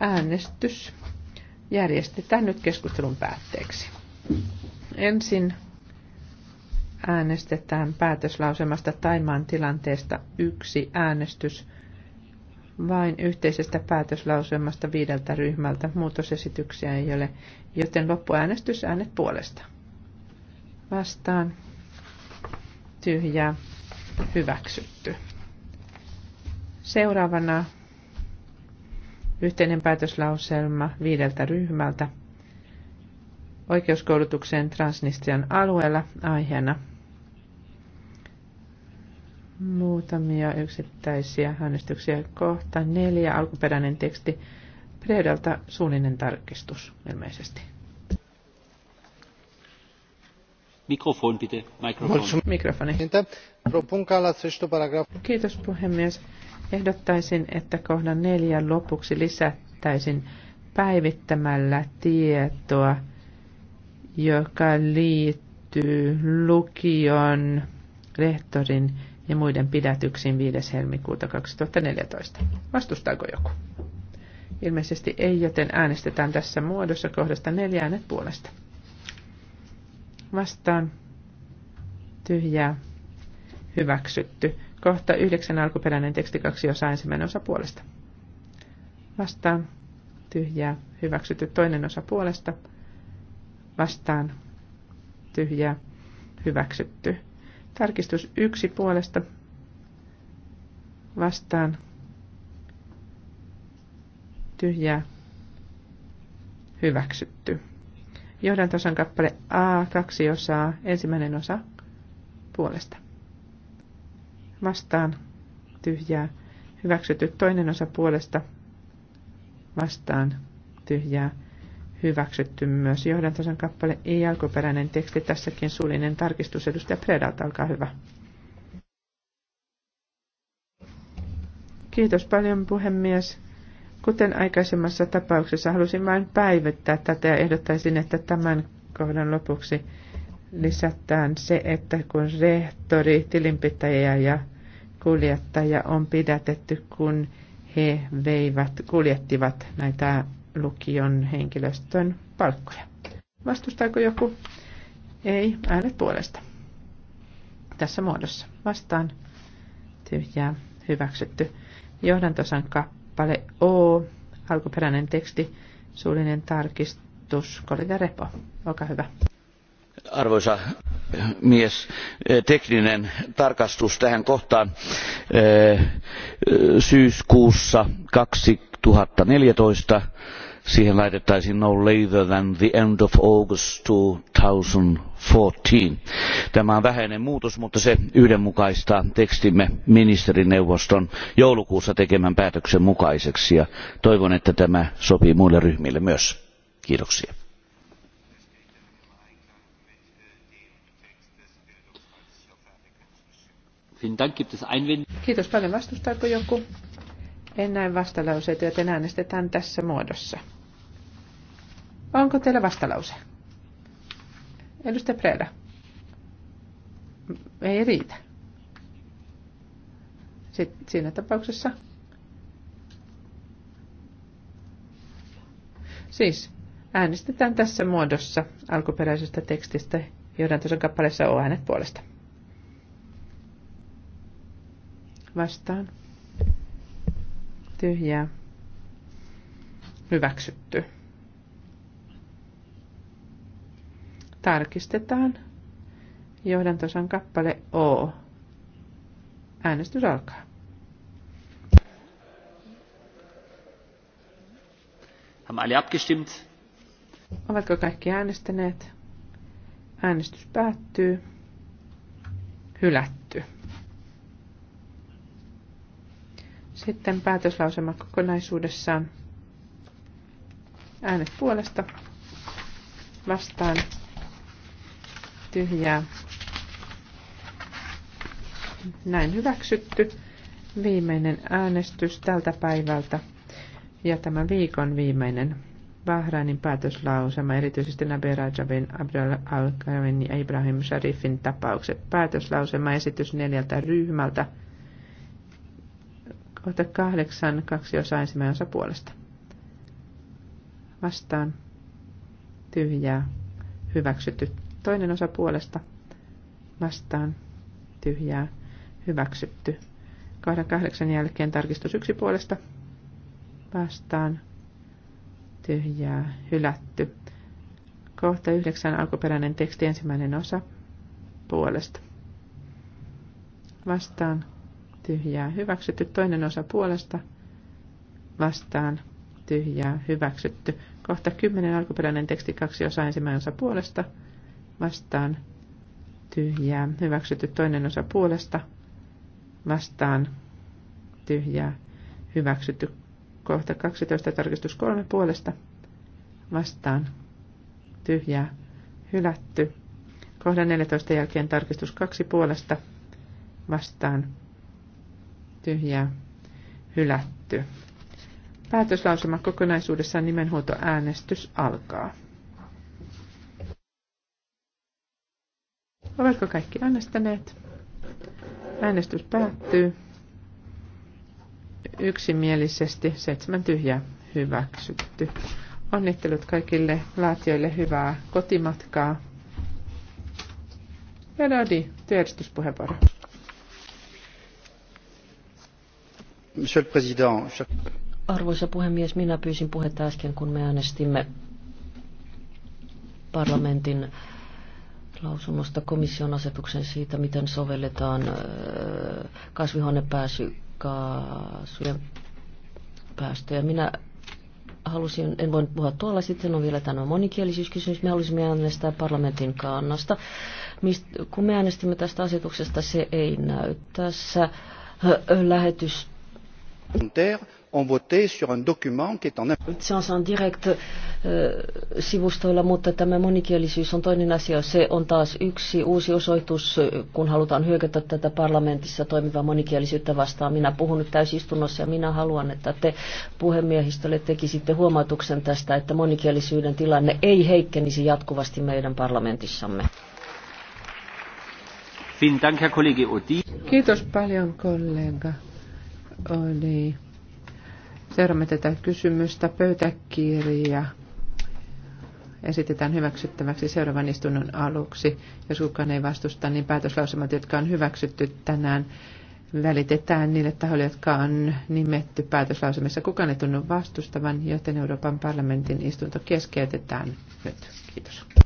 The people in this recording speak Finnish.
Äänestys järjestetään nyt keskustelun päätteeksi. Ensin äänestetään päätöslausemasta Taimaan tilanteesta yksi äänestys vain yhteisestä päätöslauselmasta viideltä ryhmältä. Muutosesityksiä ei ole, joten loppuäänestys äänet puolesta. Vastaan. Tyhjää. Hyväksytty. Seuraavana Yhteinen päätöslauselma viideltä ryhmältä. Oikeuskoulutukseen Transnistrian alueella aiheena. Muutamia yksittäisiä äänestyksiä kohta. Neljä alkuperäinen teksti. Predalta suullinen tarkistus ilmeisesti. Mikrofoni bitte. mikrofoni Mikrofoni. Kiitos puhemies. Ehdottaisin, että kohdan neljän lopuksi lisättäisiin päivittämällä tietoa, joka liittyy lukion, rehtorin ja muiden pidätyksiin 5. helmikuuta 2014. Vastustaako joku? Ilmeisesti ei, joten äänestetään tässä muodossa kohdasta neljä äänet puolesta. Vastaan tyhjää hyväksytty. Kohta yhdeksän alkuperäinen teksti kaksi osa ensimmäinen osa puolesta. Vastaan tyhjää hyväksytty toinen osa puolesta. Vastaan tyhjää hyväksytty. Tarkistus yksi puolesta. Vastaan tyhjää hyväksytty. Johdantosan kappale A, kaksi osaa, ensimmäinen osa puolesta vastaan tyhjää. Hyväksytty toinen osa puolesta vastaan tyhjää. Hyväksytty myös johdantosan kappale ei alkuperäinen teksti. Tässäkin suullinen tarkistus edustaja Predalta, olkaa hyvä. Kiitos paljon puhemies. Kuten aikaisemmassa tapauksessa halusin vain päivittää tätä ja ehdottaisin, että tämän kohdan lopuksi lisätään se, että kun rehtori, tilinpitäjä ja kuljettaja on pidätetty, kun he veivät, kuljettivat näitä lukion henkilöstön palkkoja. Vastustaako joku? Ei, äänet puolesta. Tässä muodossa vastaan tyhjää hyväksytty. Johdantosan kappale O, alkuperäinen teksti, suullinen tarkistus, kollega Repo. Olkaa hyvä. Arvoisa puhemies eh, tekninen tarkastus tähän kohtaan. Eh, syyskuussa kaksituhatta neljätoista siihen laitettaisiin no later than the end of August 2014. Tämä on vähäinen muutos, mutta se yhdenmukaistaa tekstimme ministerineuvoston joulukuussa tekemän päätöksen mukaiseksi ja toivon, että tämä sopii muille ryhmille myös. Kiitoksia. Kiitos paljon. Vastustaako joku? En näe vastalauseita, joten äänestetään tässä muodossa. Onko teillä vastalause? Edustaja Preda. Ei riitä. Sitten siinä tapauksessa. Siis äänestetään tässä muodossa alkuperäisestä tekstistä tuossa kappaleessa on äänet puolesta. vastaan tyhjää hyväksytty. Tarkistetaan johdantosan kappale O. Äänestys alkaa. Haben alle abgestimmt? Ovatko kaikki äänestäneet? Äänestys päättyy. Hylätty. Sitten päätöslausema kokonaisuudessaan. Äänet puolesta vastaan tyhjää. Näin hyväksytty. Viimeinen äänestys tältä päivältä ja tämän viikon viimeinen Bahrainin päätöslausema, erityisesti Nabi Rajavin, Abdel al ja Ibrahim Sharifin tapaukset. Päätöslausema esitys neljältä ryhmältä. Kohta kahdeksan, kaksi osa ensimmäinen osa puolesta. Vastaan. Tyhjää. Hyväksytty. Toinen osa puolesta. Vastaan. Tyhjää. Hyväksytty. Kohdan kahdeksan jälkeen tarkistus yksi puolesta. Vastaan. Tyhjää. Hylätty. Kohta yhdeksän alkuperäinen teksti ensimmäinen osa puolesta. Vastaan tyhjää hyväksytty. Toinen osa puolesta vastaan tyhjää hyväksytty. Kohta 10 alkuperäinen teksti kaksi osa ensimmäinen osa puolesta vastaan tyhjää hyväksytty. Toinen osa puolesta vastaan tyhjää hyväksytty. Kohta 12 tarkistus kolme puolesta vastaan tyhjää hylätty. Kohdan 14 jälkeen tarkistus kaksi puolesta vastaan tyhjää hylätty. Päätöslausuma kokonaisuudessaan nimenhuoltoäänestys alkaa. Ovatko kaikki äänestäneet? Äänestys päättyy. Yksimielisesti seitsemän tyhjää hyväksytty. Onnittelut kaikille laatioille hyvää kotimatkaa. Ja Dodi, työjärjestyspuheenvuoro. Arvoisa puhemies, minä pyysin puhetta äsken, kun me äänestimme parlamentin lausunnosta komission asetuksen siitä, miten sovelletaan kasvihuonepäästöjen päästöjä. Minä halusin, en voinut puhua tuolla, sitten on vielä tämä monikielisyyskysymys. Me halusimme äänestää parlamentin kannasta. kun me äänestimme tästä asetuksesta, se ei näy tässä lähetys se on, se on Direct-sivustoilla, mutta tämä monikielisyys on toinen asia. Se on taas yksi uusi osoitus, kun halutaan hyökätä tätä parlamentissa toimivaa monikielisyyttä vastaan. Minä puhun nyt täysistunnossa ja minä haluan, että te puhemiehistölle tekisitte huomautuksen tästä, että monikielisyyden tilanne ei heikkenisi jatkuvasti meidän parlamentissamme. Kiitos paljon kollega oli, niin. seuraamme tätä kysymystä, pöytäkirja esitetään hyväksyttäväksi seuraavan istunnon aluksi. Jos kukaan ei vastusta, niin päätöslausumat, jotka on hyväksytty tänään, välitetään niille tahoille, jotka on nimetty päätöslausumissa. Kukaan ei tunnu vastustavan, joten Euroopan parlamentin istunto keskeytetään nyt. Kiitos.